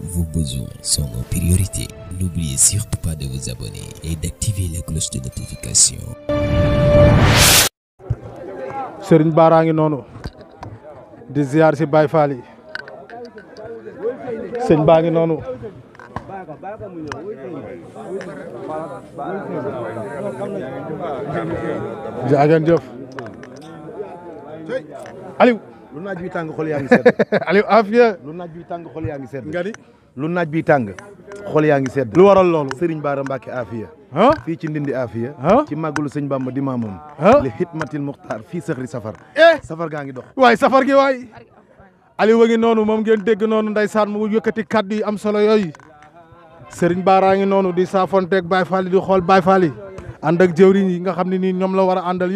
vos besoins sont nos priorités. N'oubliez surtout pas de vous abonner et d'activer la cloche de notification. Serigne une nono. nono. di ziar ci Baye Fall yi nono. baa nono. noonu jaa Aliou lu naaj bi tang xol yaangi sedd Aliou Afia lu naaj bi tàng xol yaa sedd nga lu naaj bi tàng xol yaa sedd lu waral loolu Serigne Bara mbake Afia fi ci ndindi Afia ci magul serigne Bamba di maamam li hitmatil muxtaar fi sahri safar eh? safar gaangi dox way safar gi way Aliou wangi nonu mom ngeen deg nonu nday sar mu kaddu am solo yoy Serigne Bara ngi nonu di ak bay Fall di xol bay Fall andak jewriñ yi nga xamni ni ñom la wara andal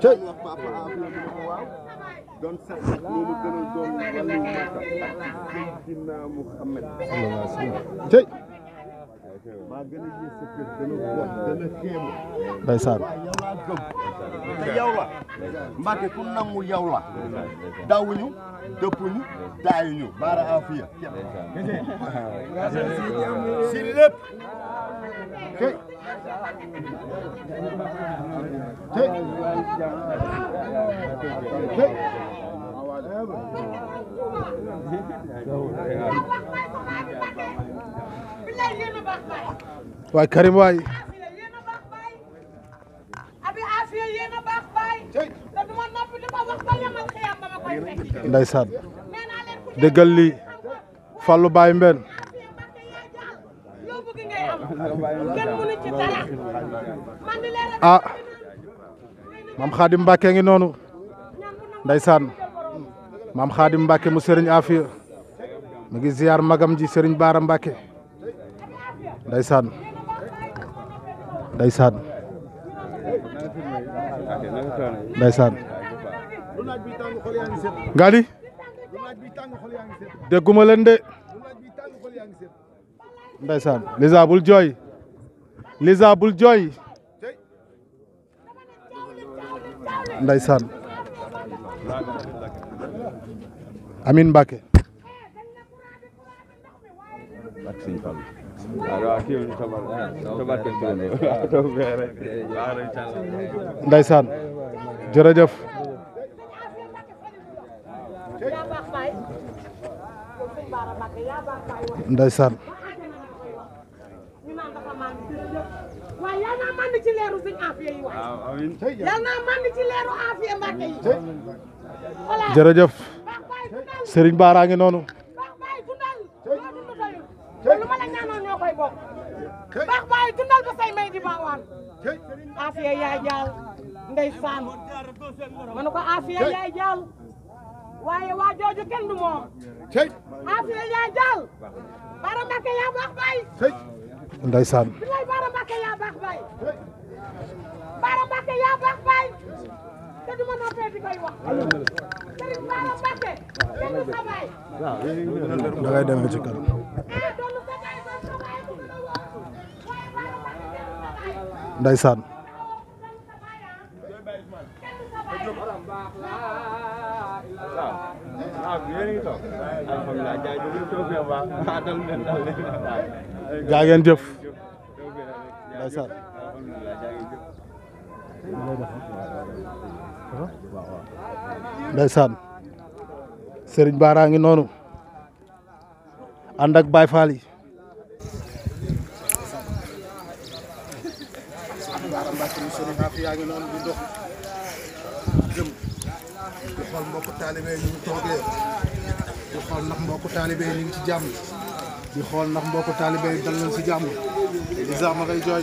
tey wax papa Abdou ne ko waaw doon sax loolu gën a doon wàllu Makka ak Seydina Muhammad tey ndeysaan te yow la Mbàkke ku nangul yow la dawuñu dëppuñu daayuñu baara afiya si lépp waay Karim waay ndeysaan déggal lii Fallou Baye Mbène ah Mame Khadim Mbacké noonu ndeysaan maam xaadim Mbacke mu sëriñ Afia mu ngi ziar magam ji sëriñ Baara Mbacke ndeysaan ndeysaan ndeysaan ngali dégguma leen de ndeysaan Liza bul jooy Liza bul jooy ndeysaan amin Mbacke. Ndeysaan jërëjëf. Ndeysaan. aafiya naa mànd ci leeru aafiya Mbàkke yi jërëjëf Serigne Bara ngi noonu baax baay dundal ba may di baawaan aafiya yaay jaal ndeysaan ma ne ko yaay jaal waaye waa jooju kenn du yaay jaal Bara Mbàkke baax baay ndeysaan bi te du ma noppee di koy wax Serigne Bara dem ci kanam jëf ndeysaan Serigne Bara ngi noonu ànd ak Baye Fall yi di xool mbokku taalibe yi ñu toogee di xool ndax mbokku taalibe yi ñu ngi ci jàmm di xool ndax mbokku taalibe yi dal nañ ci jàmm di sax ma koy jooy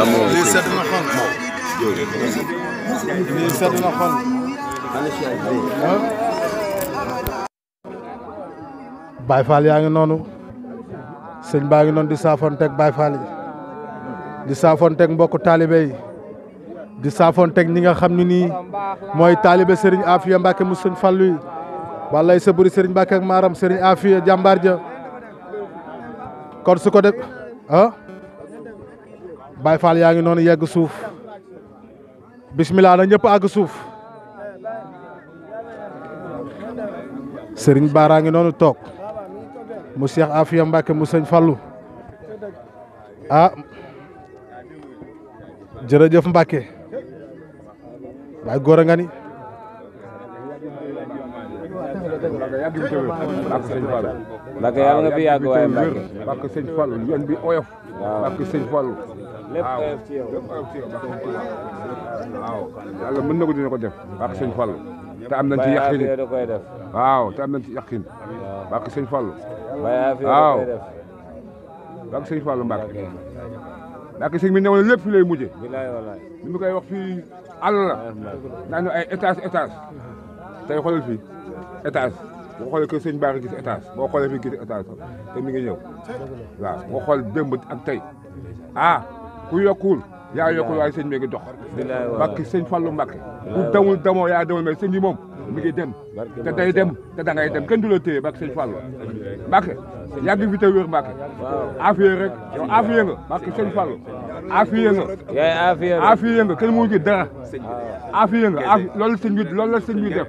amoo lii sedd na xol. lii sedd na xol. Baye Fall yaa ngi noonu sëñ baa ngi noonu di saafonteeg Baye Fall yi di saafonteeg mbokku taalibe yi di saafonteeg ñi nga xam ne nii mooy taalibe Serigne Afia Mbacke mu sëñ Fallu yi wallay buri Serigne Mbacke ak maaram Serigne Afia jàmbaar ja kon su ko def ah. Baye Fall yaa ngi noonu yegg suuf bismillah na ñëpp àgg suuf Serigne Bara ngi noonu toog mu Cheikh Afia Mbacke mu sëñ Fallou ah jërëjëf Mbacke waaye góor àdduna tëwër bàkk sëñ Fallou Mbacke yàlla nga fi bi oyof waaw bàkk sëñ Fallou lépp oyof ci yow waaw yàlla mën na ko dina ko te am nañ ci yàqin da koy def waaw te am nañ ci yàqin bàkk sëñ Fallou waaw bàkk sëñ Fallou Mbacke bàkk sëñ bi ne woon lépp fi lay mujje ni mu koy wax fii àll la ay étage étage tey xoolal fii boo xoolee kër sëñ Bara gis étage boo xoolee fii gis étage te mi ngi ñëw waaw boo xool démb ak tey ah ku yokkul yaa yokkul waaye sëñ mi ngi dox Mbàkke sëñ Fallu Mbàkke ku damul damoo yaa damul mais sëñ bi moom mi ngi dem te day dem te da ngay dem kenn du la téye Mbàkke sëñ Fallu Mbàkke yàgg fi te wér Mbàkke afiye rek yow afiye nga Mbàkke sëñ Fallu afiye nga afiye nga kenn mënu ci dara afiye nga loolu sëñ bi loolu la sëñ bi def